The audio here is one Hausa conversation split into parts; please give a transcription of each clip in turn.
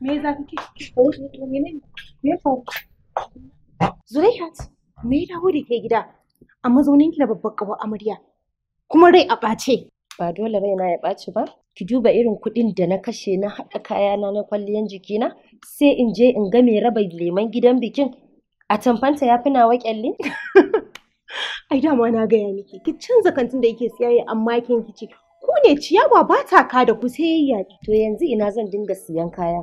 me ya ki ko shi to menene me faru Zulaihat me ya ke gida a mazauninki na babbar kawar amarya kuma rai a ɓace ba dole raina ya ɓaci ba ki duba irin kuɗin da na kashe na haɗa kayana na kwalliyan jikina sai in je in ga mai raba leman gidan bikin a tamfanta ya fi nawa kyalli ai dama na gaya miki ki canza kantin da yake siyayya amma kin kici ku ne ciyawa ba ta ka da ku sai yayi to yanzu ina zan dinga siyan kaya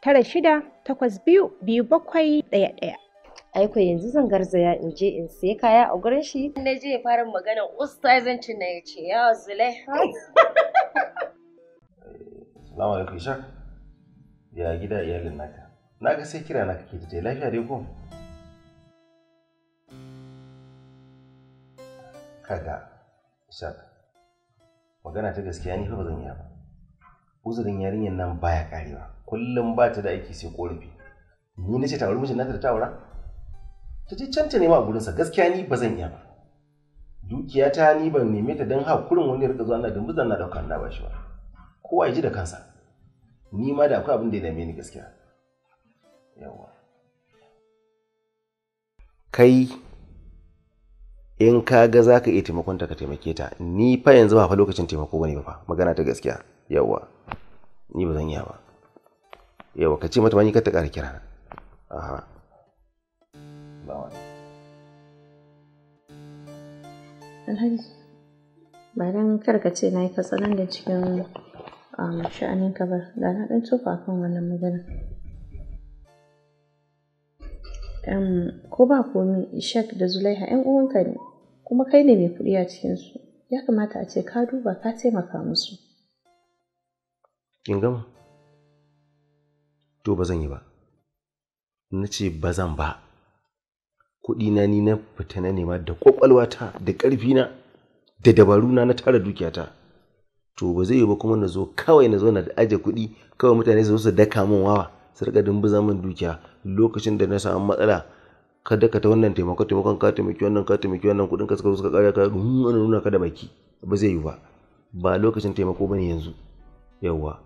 tara shida takwas biyu biyu bakwai ɗaya ɗaya. Aiko yanzu zan garzaya in je in sai kaya a gurin shi. Na je fara magana ci na ya ce yawa zulai. Salamu alaikum shak, Ya gida iyalin naka. Na ga sai kira naka ke da lafiya dai ko? Kaga shak, Magana ta gaskiya ni fa ba zan yi ba. uzurin yarinyar nan baya karewa kullum ba ta da aiki sai korafi ni nace ta aure mijin nata da ta aura ta je can ta nema a gurinsa gaskiya ni ba zan iya ba dukiya ta ni ban neme ta don hakurin wani rika zuwa na dumbuza na dauka na bashi ba kowa ya ji da kansa ni ma da akwai abin da ya dame ni gaskiya yawa kai in ka ga za ka iya taimakonta ka taimake ta ni fa yanzu ba fa lokacin taimako bane ba fa magana ta gaskiya yawa ni ba zan iya ba yawa ka ce mata ma ni ka ta ƙara kira aha ba wani alhaji ba ce na yi katsalan da cikin um, sha'anin ka ba da na ɗan tsofa kan wannan magana um, ko ba komi ishak da zulaiha yan uwanka ne kuma kai ne mai kuɗi a cikinsu ya kamata a ce ka duba ka taimaka musu kin gama to ba zan yi ba na ce ba zan ba kuɗina ni na fita na nema da ƙwaƙwalwata da ƙarfina da dabaru na na tara dukiyata to ba zai yi ba kuma na zo kawai na zo na da aje kuɗi kawai mutane su zo su daka min wawa su rika dumbuza min dukiya lokacin da na samu matsala ka daka ta wannan taimako taimakon ka taimaki wannan ka taimaki wannan kuɗin ka suka zo suka ƙara ka nuna ka da baki ba zai yi ba ba lokacin taimako bane yanzu yawwa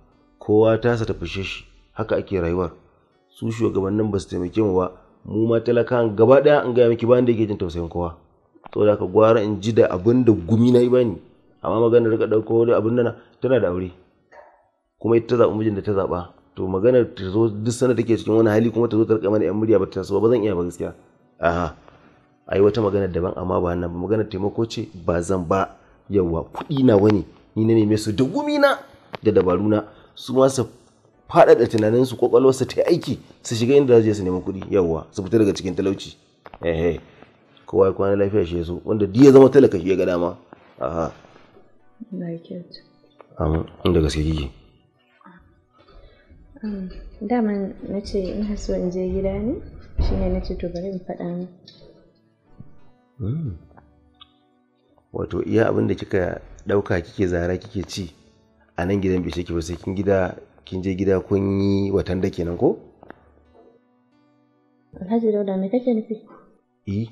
kowa sa ta fushe shi haka ake rayuwar su shugabannin ba su taimake mu ba mu ma talakawan gaba daya an gaya miki ba da yake jin tausayin kowa to da ka gwara in ji da abin da gumi na yi bani amma maganar rika dauko da abin nan tana da aure kuma ita zaɓi mijin da ta zaɓa to maganar ta zo duk sanar take cikin wani hali kuma ta zo ta rika mana yan murya ba ta so ba zan iya ba gaskiya aha ai wata magana daban amma ba nan ba maganar taimako ce ba zan ba yawa kuɗi na wani ni na neme su da gumi na da dabaru na su ma su faɗaɗa tunanin su kwakwalwarsu ta aiki su shiga inda za su nemi kuɗi yawwa su fita daga cikin talauci eh, eh kowa ya kwana lafiya shi so wanda duk ya zama talaka shi ya ga dama aha amma inda gaske kike um, dama na ce ina so in je gida ne shi ne na ce to bari in faɗa hmm. wato iya abin da kika ɗauka kike zara kike ci a nan gidan bai shake ba sai kin gida kin je gida kun yi watan da kenan ko Alhaji Dauda me kake nufi? Eh.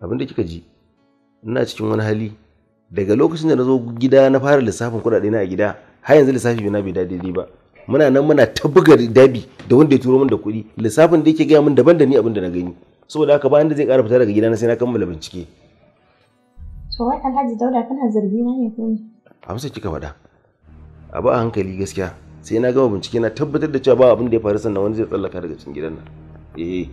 Abin da kika ji ina cikin wani hali daga lokacin da na zo gida na fara lissafin kuɗaɗe na a gida har yanzu lissafi na bai daidai ba muna nan muna ta buga dabi da wanda ya turo min da kuɗi lissafin da yake gaya min daban da ni abin da na gani saboda haka ba da zai ƙara fita daga gidana sai na kammala bincike to wai alhaji dauda kana zargi na ne ko amsa kika faɗa a ba hankali gaskiya sai na gama bincike na tabbatar da cewa ba abin da ya faru sannan wani zai tsallaka daga cikin gidan nan eh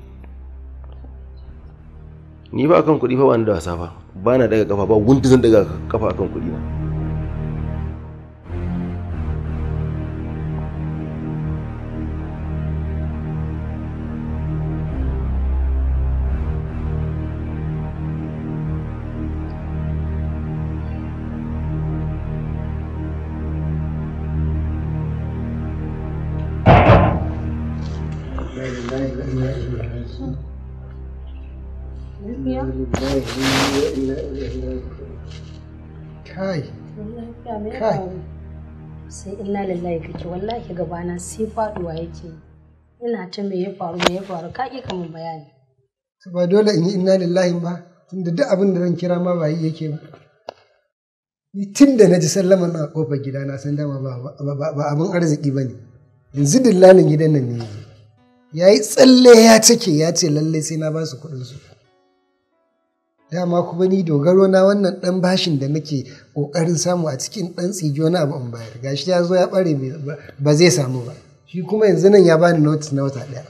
ni ba kan kuɗi fa ba da wasa ba ba na daga kafa ba wunta zan daga kafa akan kuɗi na sai inna lillahi kake wallahi gabana sai faduwa yake ina ta me ya faru me ya faru ka ƙi kamun bayani ba dole in yi inna lillahi ba tunda duk abin da zan kira ma ba yi yake ba ni tun da na ji sallama na kofar gida na san dama ba abin arziki ba ne yanzu dillalin gidan nan ne ya yi tsalle ya take ya ce lallai sai na ba su kuɗinsu dama kuma ni dogaro na wannan dan bashin da nake kokarin samu a cikin dan tsigi na abu bayar gashi ya zo ya ɓare ba zai samu ba shi kuma yanzu nan ya bani notis na wata ɗaya.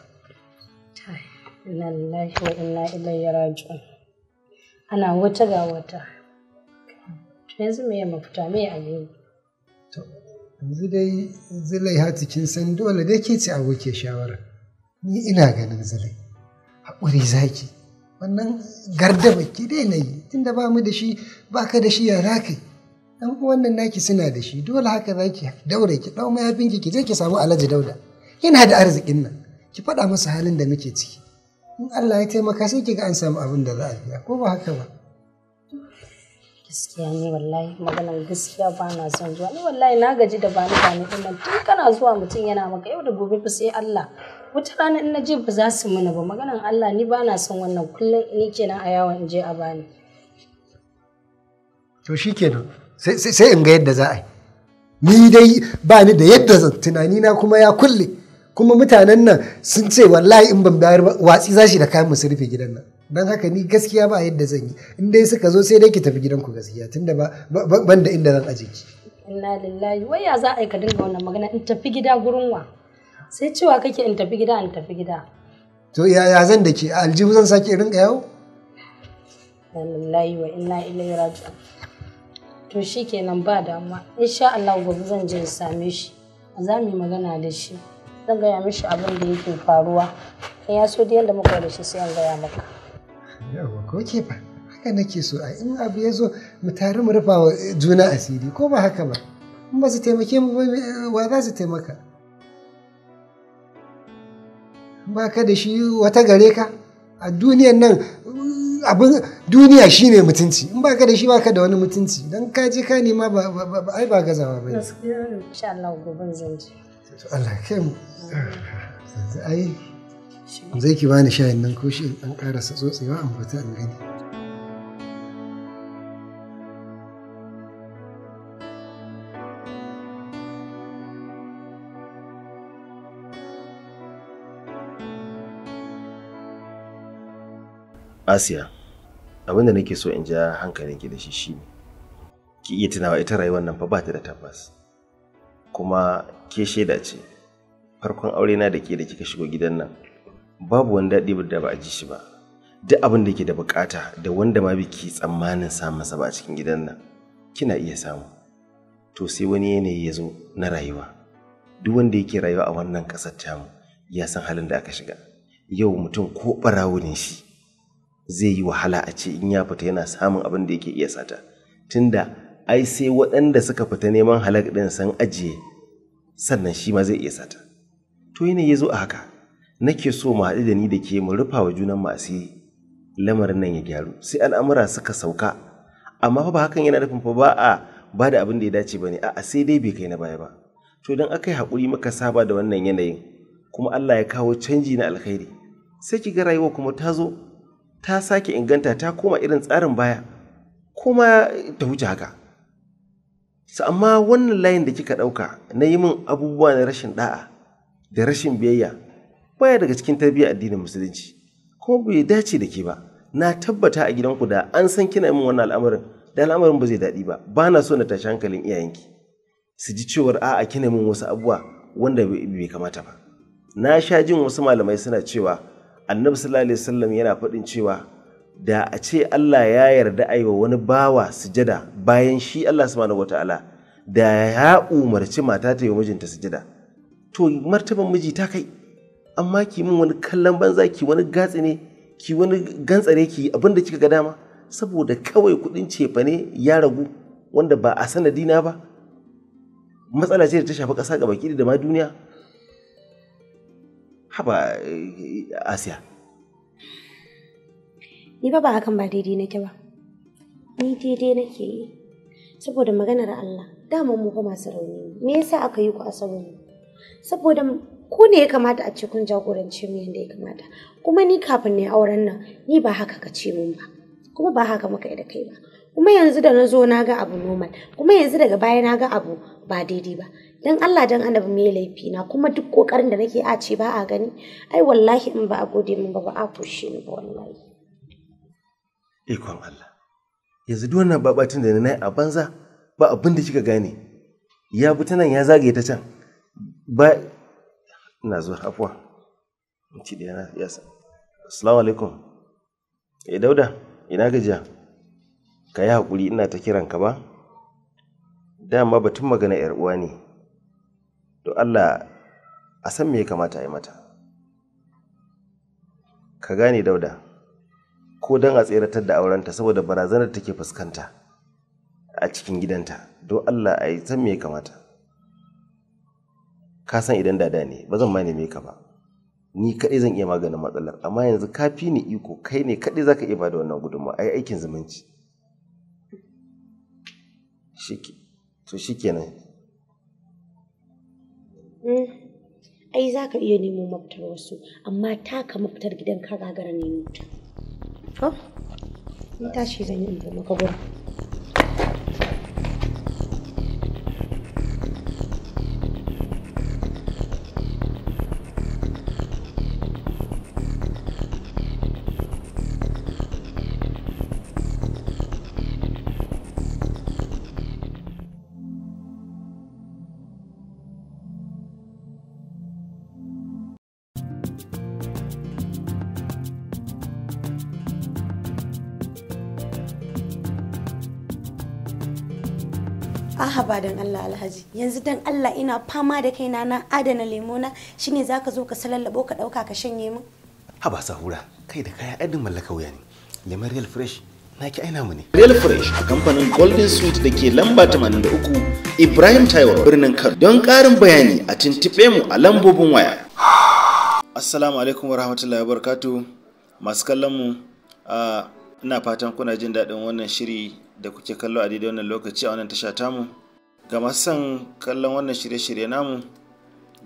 lallahi wa inna ilayya raji'un ana wata ga wata yanzu me ya mafita me a yi yanzu dai zulai hatu kin san dole da ke ci abokin shawara ni ina ganin zulai haƙuri zaki wannan garda baki dai na yi tunda ba mu da shi ba ka da shi ya za ka dan wannan naki suna da shi dole haka za ki daure ki dau mayafin ki je ki samu alhaji dauda yana da arzikin nan ki faɗa masa halin da muke ciki in Allah ya taimaka sai ki ga an samu abin da za a biya ko ba haka ba gaskiya ne wallahi maganar gaskiya ba na son zuwa ni wallahi na gaji da bani bani din kana zuwa mutum yana maka yau da gobe sai Allah wata rana in na je ba za su mana ba maganan Allah ni ba na son wannan kullum ni kenan a yawon in je a bani to shikenan sai in ga yadda za a yi ni dai ba ni da yadda tunani na kuma ya kulle kuma mutanen nan sun ce wallahi in ban bayar watsi za shi da kayan mu su rufe gidan nan don haka ni gaskiya ba yadda zan yi in dai suka zo sai dai ki tafi gidanku gaskiya tunda ba ban da inda zan aje ki inna lillahi wai ya za a yi ka dinga wannan magana in tafi gida gurin wa sai cewa kake in tafi gida in tafi gida to yaya zan da ke aljihu zan sake rinka yau? lallahi wa inna ilaihi raju. to nan ba damuwa insha Allah gobe zan je in same shi za mu yi magana da shi zan gaya mishi abin da yake faruwa in ya so da yadda muka da shi sai an gaya maka Yawwa ko ke fa haka nake so a in abu ya zo mu tare mu rufa wa juna asiri ko ba haka ba in ba su taimake mu wa za su taimaka ba ka da shi wata gare ka a duniyan nan abin duniya shi ne mutunci in baka da shi baka da wani mutunci don ka je ka nema ba ai ba gazawa ba insha Allah gobe kai mu ai zai ki bani shayin nan ko shi an ƙarasa tsotsewa an fita an gani Asiya, abinda nake so in ja hankalinki da shi shine ki iya tunawa ita rayuwar nan fa ba ta da tabbas. Kuma ke shaida ce, farkon aure na da ke da kika shigo gidan nan babu wani daɗi da ba a ji shi ba. Duk abin da ke da bukata da wanda ma biki tsammanin samun sa ba a cikin gidan nan kina iya samu. To sai wani yanayi ya zo na rayuwa. Duk wanda yake rayuwa a wannan ƙasar tamu ya san halin da aka shiga. Yau mutum ko ɓarawo shi. zai yi wahala a ce in ya fita yana samun abin da yake iya sata tunda ai sai waɗanda suka fita neman halak ɗin san ajiye sannan shi ma zai iya sata to yana ya zo a haka nake so mu haɗu da ni da ke mu rufa wa junan masu lamarin nan ya gyaru sai al'amura suka sauka amma fa ba hakan yana nufin fa ba a ba da abin da ya dace ba ne a'a sai dai bai kai na baya ba to idan aka yi haƙuri muka saba da wannan yanayin kuma Allah ya kawo canji na alkhairi sai ki ga rayuwa kuma ta zo ta sake inganta ta koma irin tsarin baya kuma ta wuce haka su amma wannan layin da kika ɗauka na yi min abubuwa na rashin ɗa'a da rashin biyayya baya daga cikin tarbiyyar addinin musulunci kuma bai dace da ke ba na tabbata a gidan ku da an san kina min wannan al'amarin da al'amarin ba zai daɗi ba ba na so na tashi hankalin iyayenki su ji cewar a'a kina min wasu abubuwa wanda bai kamata ba na sha jin wasu malamai suna cewa annabi sallallahu alaihi wasallam yana faɗin cewa da a ce Allah ya yarda a wa wani bawa sujada bayan shi Allah subhanahu wata'ala da ya umarci mata ta yi mijinta sujada to martaban miji ta kai amma ki min wani kallon banza ki wani gatsi ne ki wani gantsare ki abinda kika ga dama saboda kawai kudin cefa ne ya ragu wanda ba a sanadina ba matsala ce da ta shafi ƙasa gaba da ma duniya haba eh, asiya ni ba ba hakan ba daidai nake ba ni daidai nake yi saboda maganar Allah dama mu fa masu rauni me yasa aka yi ku a sauri saboda ku ne ya kamata a ce kun jagorance mu yadda ya kamata kuma ni kafin ne auren nan ni ba haka ka ce mun ba kuma ba haka muka yi da kai ba kuma yanzu da na zo na ga abu normal kuma yanzu daga baya na ga abu ba daidai ba dan Allah dan annabi mai laifi na kuma duk kokarin da nake a ce ba a gani ai wallahi in ba a gode min ba ba a kushe ni ba wallahi ikon Allah yanzu duk wannan babatin da na yi a banza ba abin da kika gane ya bi ta nan ya zage ta can ba ina zuwa afwa mutum da yana yasa assalamu alaikum eh dauda ina gajiya ka yi haƙuri ina ta kiranka ba dama batun magana 'yar uwa ne don allah a san me ya kamata a yi mata ka gane dauda ko don a tseratar da aurenta saboda barazanar take fuskanta a cikin gidanta don allah a yi san me ya kamata ka san idan dada ne ba zan ma neme ka ba ni kaɗai zan iya maganin matsalar amma yanzu ka fi ni iko kai ne kaɗai za ka iya da wannan gudunmawa yi aikin zumunci to shikenan Mm. ai za ka iya nemo mafitar wasu amma taka mafitar gidan ka gagara nemo ta to in tashi zan yi maka gurin haba dan Allah alhaji yanzu dan Allah ina fama da kaina na adana lemona shine zaka zo ka salallabo ka dauka ka shanye min haba sahura kai da kaya adin mallaka wuya ne lemon real fresh naki aina mu ne real fresh a kamfanin golden sweet da ke lamba 83 ibrahim taiwa birnin kano don karin bayani a tuntuɓe mu a lambobin waya assalamu alaikum warahmatullahi wabarakatuh masu kallon mu ina fatan kuna jin daɗin wannan shiri da kuke kallo a daidai wannan lokaci a wannan tasha tamu ga masu son kallon wannan shirye-shirye namu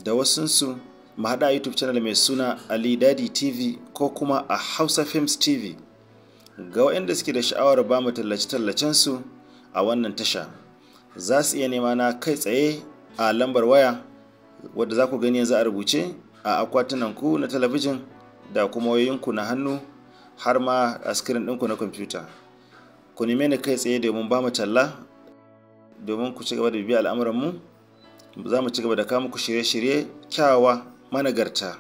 da wasunsu mu haɗa youtube channel mai suna ali dadi tv ko kuma a hausa films tv ga waɗanda suke da sha'awar ba mu tallace su a wannan tasha za su iya nema na kai tsaye a lambar waya wadda za ku gani yanzu a rubuce a akwatunan ku na talabijin da kuma wayoyinku na hannu har ma a skirin ɗinku na kwamfuta ku neme ni kai tsaye domin ba mu talla domin ku ci gaba da biya al'amuranmu za mu ci gaba da kama ku shirye-shirye kyawawa managarta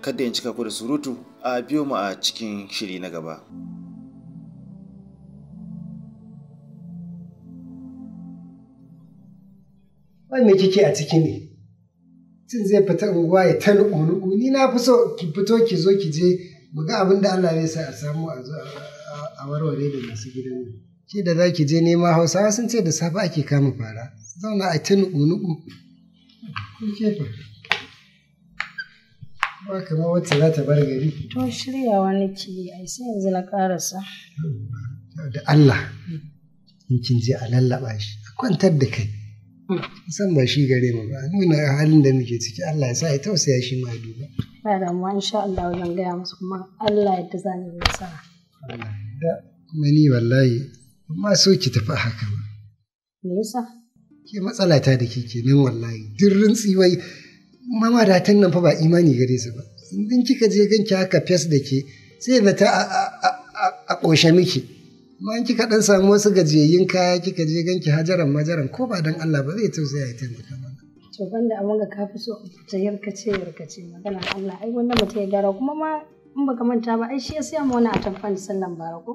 kada in cika ku da surutu a biyo mu a cikin shiri na gaba. Wani kike a ciki ne tun zai fita unguwa ya ta ni na fi so ki fito ki zo ki je mu ga abin da Allah ya sa a samu a warware da masu gidan nan Ke da za ki je nema Hausawa sun ce da safe ake kama fara. Zauna a ta nuku-nuku. Ke fa. Ba kamar wacce za ta bar gari. To shirya wani yi, ai sai yanzu na karasa. Da Allah. In kin je a lallaɓa shi, a kwantar da kai. San ba shi gare mu ba, nuna halin da muke ciki Allah ya sa ya tausaya shi ma duba. Ba damuwa insha Allah wajen gaya musu kuma Allah ya ta zane da sa. Allah ya da mani wallahi amma so ki tafi a haka ba me yasa ke matsala ta da kike nan wallahi dirrin wai mama da tan nan fa ba imani gare su ba idan kika je ganki haka fes da ke sai da ta a ƙoshe miki in kika dan samu wasu gajiyayyun kaya kika je ganki hajaran majaran ko ba dan Allah ba zai tausaya ya taimaka mana to banda amma ga kafi so ta yarkace yarkace magana Allah ai wannan mutai gara kuma ma in baka manta ba ai shi ya siya mu wani a tamfan sallan bara ko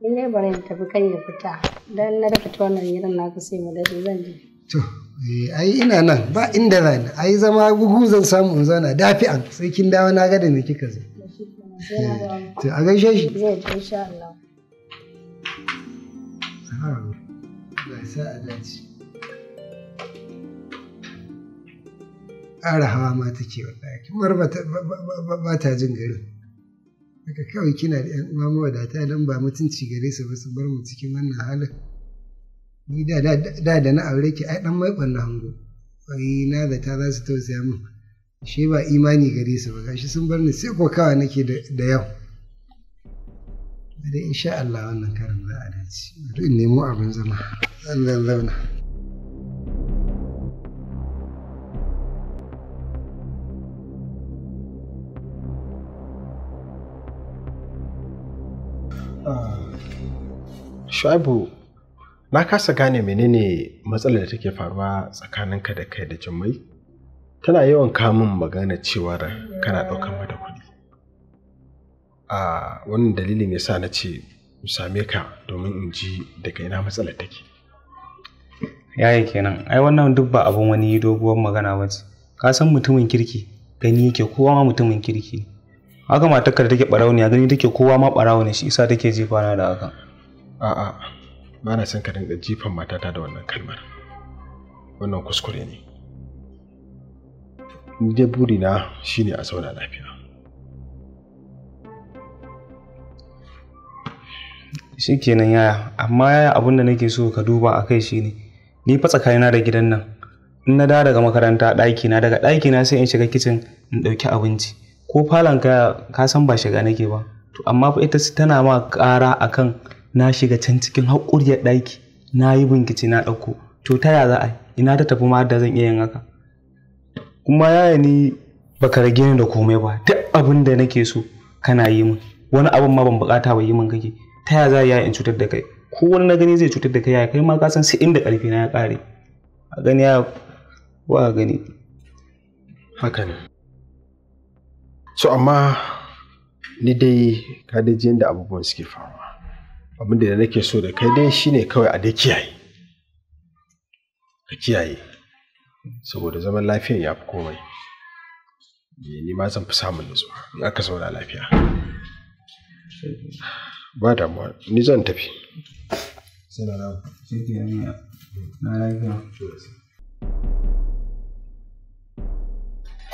Ni ne bari in tafi kan ya fita. don na da fita wannan na naka sai mu dade zan je. To, eh, ai ina nan ba inda zan. Ai zama gugu zan samu in zauna dafi'an sai kin dawo na ga da me kika zo. To, a gaishe shi. Zai je insha Allah. ƙara hawa ma take wallahi kamar ba ta jin garin. haka kawai kina da 'yan uwa mawadata don ba mutunci gare su ba su bar mu cikin wannan halin ni da da na aure ki ai dan mai na hango ai na da ta za su tausaya min shi ba imani gare su ba gashi sun bar ni sai kokawa nake da yau da insha Allah wannan karin za a dace in nemo abin zama zan zauna Shu'aibu na kasa gane menene matsalar da take faruwa tsakanin ka da kai da Jummai. Tana yawan kamun magana cewar kana ɗaukar mata kuɗi. A wannan dalilin yasa na ce mu same ka domin in ji daga ina matsalar take. Yaya kenan, ai wannan duk ba abin wani doguwar magana ba ce. Ka san mutumin kirki gani yake kowa ma mutumin kirki. Haka matakar da take ɓarauniya gani take kowa ma ɓarawo shi isa take jefa na da haka. A'a, ba na son ka dinga jifan matata da wannan kalmar. Wannan kuskure ne. Ni dai burina shine a zauna lafiya. Shi kenan yaya, amma yaya abin da nake so ka duba a kai shine, ni fa tsakanina da gidan nan, in na dawo daga makaranta ɗakina daga ɗakina sai in shiga kicin in ɗauki abinci ko falon ka ka san ba shiga nake ba to amma fa ita tana ma ƙara akan na shiga can cikin haƙuriyar ɗaki na yi binkici, na ɗauko to ta ya za a ina ta tafi ma da zan iya yin haka kuma yaya ni baka rage ni da komai ba duk abin da nake so kana yi min wani abin ma ban bukata ba yi min kake ta ya za yaya in cutar da kai ko wani na gani zai cutar da kai yaya kai ma ka san sai inda karfi na ya kare a gani ya wa gani haka ne so amma ni dai ka da abubuwan suke faruwa abinda da nake so da kai dai shine kawai a dai kiyaye ka kiyaye saboda zaman lafiyan ya fi komai eh, ni ma zan fi samun nutsuwa in aka da lafiya ba damuwa ni zan tafi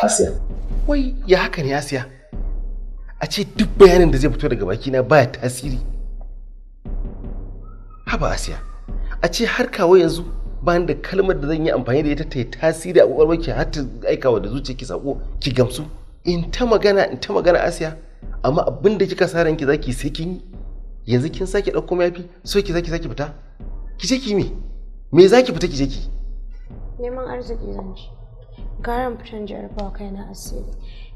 Asiya. Wai ya haka ne Asiya? A ce duk bayanin da zai fito daga na baya tasiri. haba asiya a ce har kawo yanzu ba da kalmar da zan yi amfani da ita ta yi tasiri a kwakwalwar ki har ta aikawa da zuciya ki sako ki gamsu in ta magana in ta magana asiya amma abin da kika sa ki zaki sai kin yanzu kin sake ɗauko mayafi so ki zaki zaki fita ki je ki me me zaki fita ki je ki neman arziki zan ci garan fitan jarabawa kaina asiri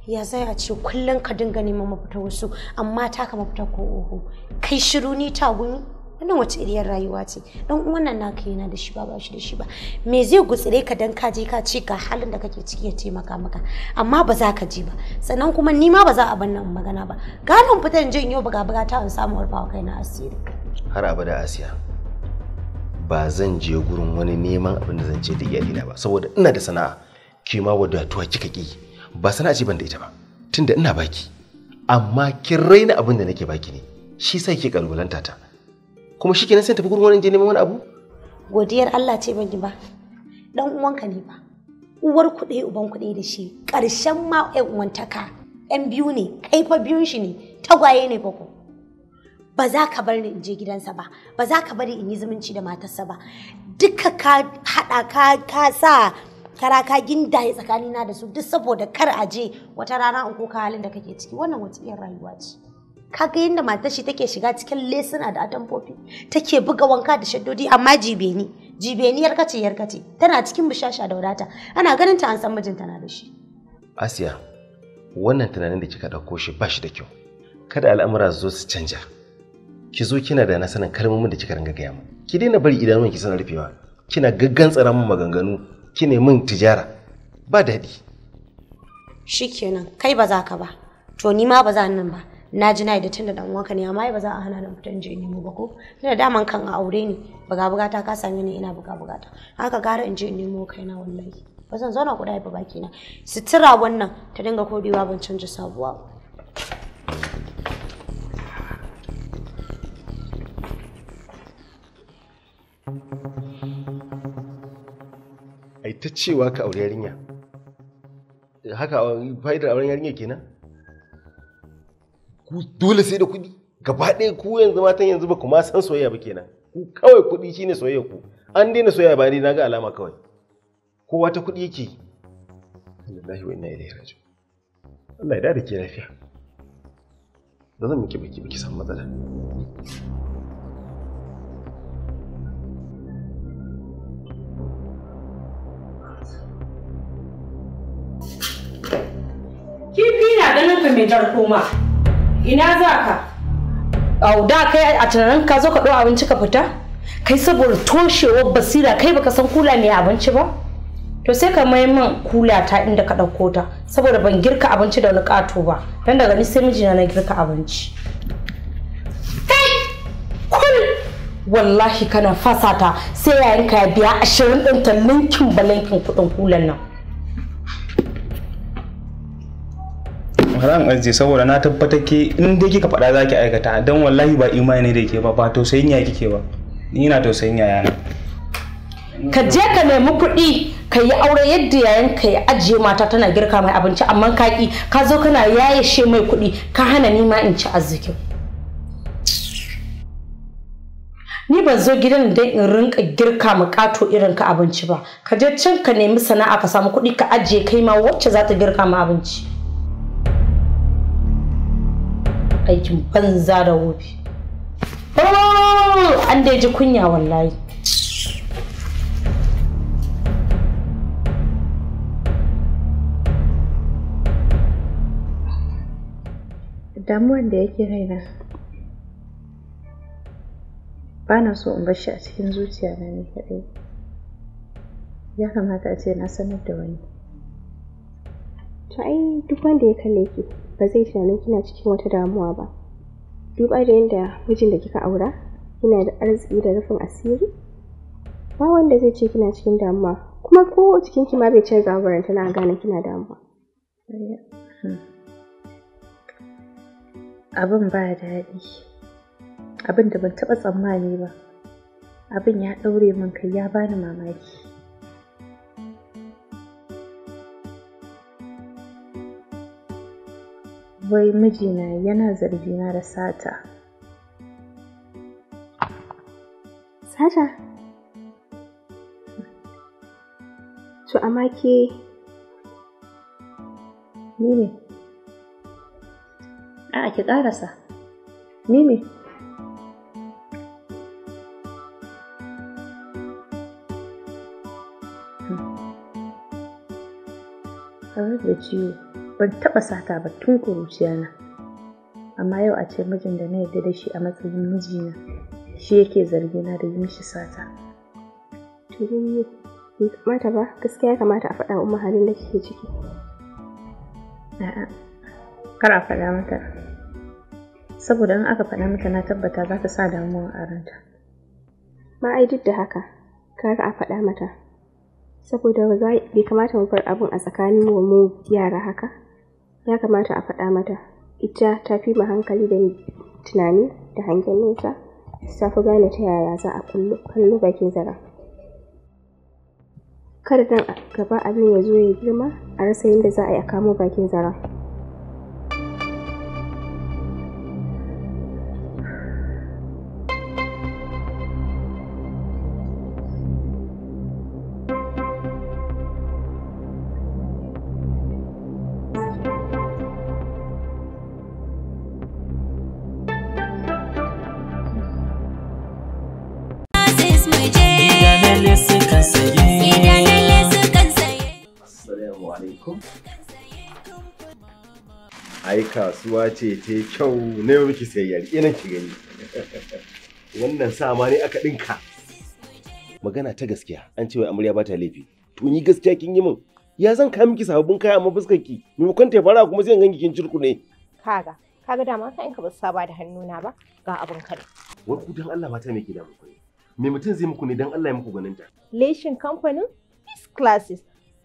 ya zai a ce kullum ka dinga neman mafita wasu amma ta ka mafita ko oho kai shiru ni tagumi wannan wace iriyar rayuwa ce dan uwan nan naka yana da shi ba ba shi da shi ba me zai gutsire ka dan ka je ka ci ga halin da kake ciki ya taimaka maka maka amma ba za ka je ba sannan kuma ni ma ba za a bar nan magana ba galan fitan jin yau buga buga ta an samu warfa kai na asiri har abada asiya ba zan je gurin wani neman abin da zan ce da iyalina ba saboda ina da sana'a ke ma wadatuwa kika ki ba sana'a ce ban da ita ba tunda ina baki amma kin raina abin da nake baki ne shi sai ke kalubalanta ta kuma shi kenan sai tafi gurin wani je neman wani abu godiyar Allah ce ban ba dan uwanka ne ba uwar ku ɗaya uban ku ɗaya da shi ƙarshen ma 'yan uwantaka 'yan biyu ne kai fa biyun shi ne tagwaye ne ba ku ba za ka bar ni in je gidansa ba ba za ka bari in yi zumunci da matarsa ba duka ka haɗa ka ka sa kara ka gindaye tsakanina da su duk saboda kar a je wata rana in koka halin da kake ciki wannan wata iya rayuwa ce kaga yadda matar shi take shiga cikin lesuna da atamfofi take buga wanka da shaddodi amma jibeni jibeni yarkace yarkace tana cikin bushasha da wadata ana ganin ta an san mijinta na da shi asiya wannan tunanin da kika ɗauko shi ba shi da kyau kada al'amura su zo su canja ki zo kina da sanin kalmomin da kika ringa gaya mu ki daina bari idanun ki suna rufewa kina gaggan tsara min maganganu kine min tijara ba daɗi shikenan kai ba za ka ba to ni ma ba za nan ba na ji na da tunda dan wanka ne amma ba za a hana na fitan je nemo ba ko tunda daman kan a aure ne buga buga ta ka same ni ina buga buga ta haka gara in je nemo kaina wallahi ba zan zauna dai ba baki na sutura wannan ta dinga kodewa ban canja sabuwa ai ta cewa ka aure yarinya haka fa'idar auren yarinya kenan ku dole sai da kuɗi gaba ɗaya ku yanzu matan yanzu ba ku ma san soyayya ba kenan ku kawai kuɗi shine soyayya ku an daina soyayya ba ni na ga alama kawai kowa ta kuɗi yake Allah wa inna ilaihi raji'un Allah ya dade ke lafiya ba zan miki baki baki san matsala kifi na ganin ka mai tarko ma Ina za ka? Au da kai a tunanin ka zo ka ɗau abinci ka fita? Kai saboda toshewar basira kai baka san kula mai abinci ba? To sai ka mai min kula ta inda ka ɗauko ta saboda ban girka abinci da wani ƙato ba. Dan daga ni sai mijina na girka abinci. Kai! Kul! Wallahi kana fasata sai yayin ka biya ashirin ɗin talinkin balankin kuɗin kulan nan. haram ajiye saboda na tabbata ke in dai kika faɗa zaki aikata dan wallahi ba imani da ke ba ba tausayin ya kike ba ni ina tausayin yayana ka je ka nemi kuɗi ka yi aure yadda yayan ka ya ajiye mata tana girka mai abinci amma ka ki ka zo kana yayashe mai kuɗi ka hana ni ma in ci arzikin ni ban zo gidan da in rinka girka mu kato irin ka abinci ba ka je can ka nemi sana'a ka samu kuɗi ka ajiye kai ma wacce za ta girka ma abinci aikin banza da wofi an da ji kunya wallahi damuwar da yake raina ba na so in bar shi a cikin zuciya na ne kaɗai ya kamata a ce na sanar da wani to ai duk wanda ya kalle ki ba zai tunanin kina cikin wata damuwa ba duba da yadda mijin da kika aura kina da arziki da rufin asiri ba wanda zai ce kina cikin damuwa kuma ko cikin ki ma bai canza barin tana gane kina damuwa abin ba daɗi abin da ban taɓa tsammani ba abin ya ɗaure min kai ya bani mamaki wai mijina yana zargina da sata. Sata? To, amma ke ni ne? A'a, ki ƙarasa, ni ne? da ciwo. ban taɓa sata ba tun kuruciya na amma yau a ce mijin da na yarda da shi a matsayin mijina shi yake zargi na da yi mishi sata to dai bai kamata ba gaskiya ya kamata a faɗa wa mahalin da ke ciki a'a kar a faɗa mata saboda in aka faɗa mata na tabbata za ta sa damuwa a ranta ma ai duk da haka kar a faɗa mata saboda bai kamata mu bar abun a tsakanin mu yara haka ya kamata a faɗa mata ita ta fi ma hankali da tunani da hangen nesa ta fi gane ta yaya za a kallo bakin zara kada nan gaba abin ya zo ya girma a rasa yadda za a yi a kamo bakin zara kasuwa ce ta kyau na yau miki yari ina ki gani wannan ma ne aka ɗinka magana ta gaskiya an ce wai amarya ba ta laifi to ni gaskiya kin yi min ya zan ka miki sababbin kaya amma fuskar ki kun ta fara kuma sai in ganki kin cirku ne kaga kaga dama ka in ka ba saba da hannuna ba ga abin kare wai ku dan Allah mata me ke da muku ne me mutum zai muku ne dan Allah ya muku ganin ta leshin kamfanin class classes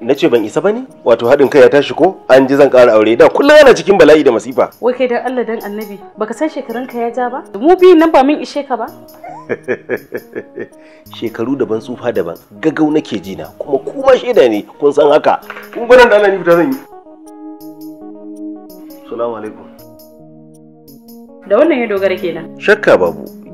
na ce ban isa ba ne wato haɗin kai ya tashi ko an ji zan ƙara aure da kullum yana cikin bala'i da masifa wai kai dan Allah dan annabi baka san shekarun ka ya ja ba mu biyu nan ba min ishe ka ba shekaru daban tsufa daban gagau nake jina kuma kuma shaida ne kun san haka kun gwanan da Allah ni fita zan yi salamu alaikum da wannan ya dogara kenan shakka babu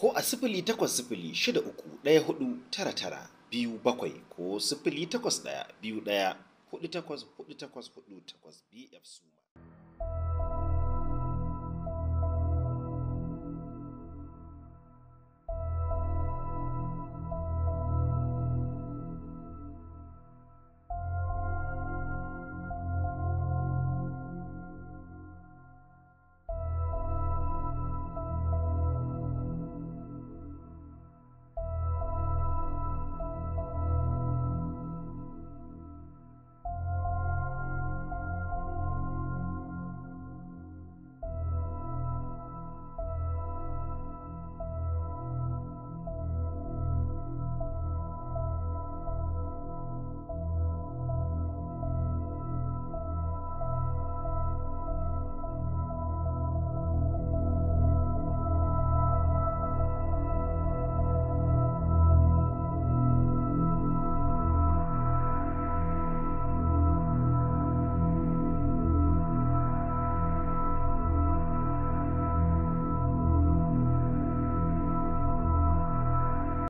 ko a sifili takwas sifili shida uku ɗaya hudu tara tara biyu bakwai ko sifili takwas ɗaya biyu ɗaya hudu takwas hudu takwas hudu takwas bf su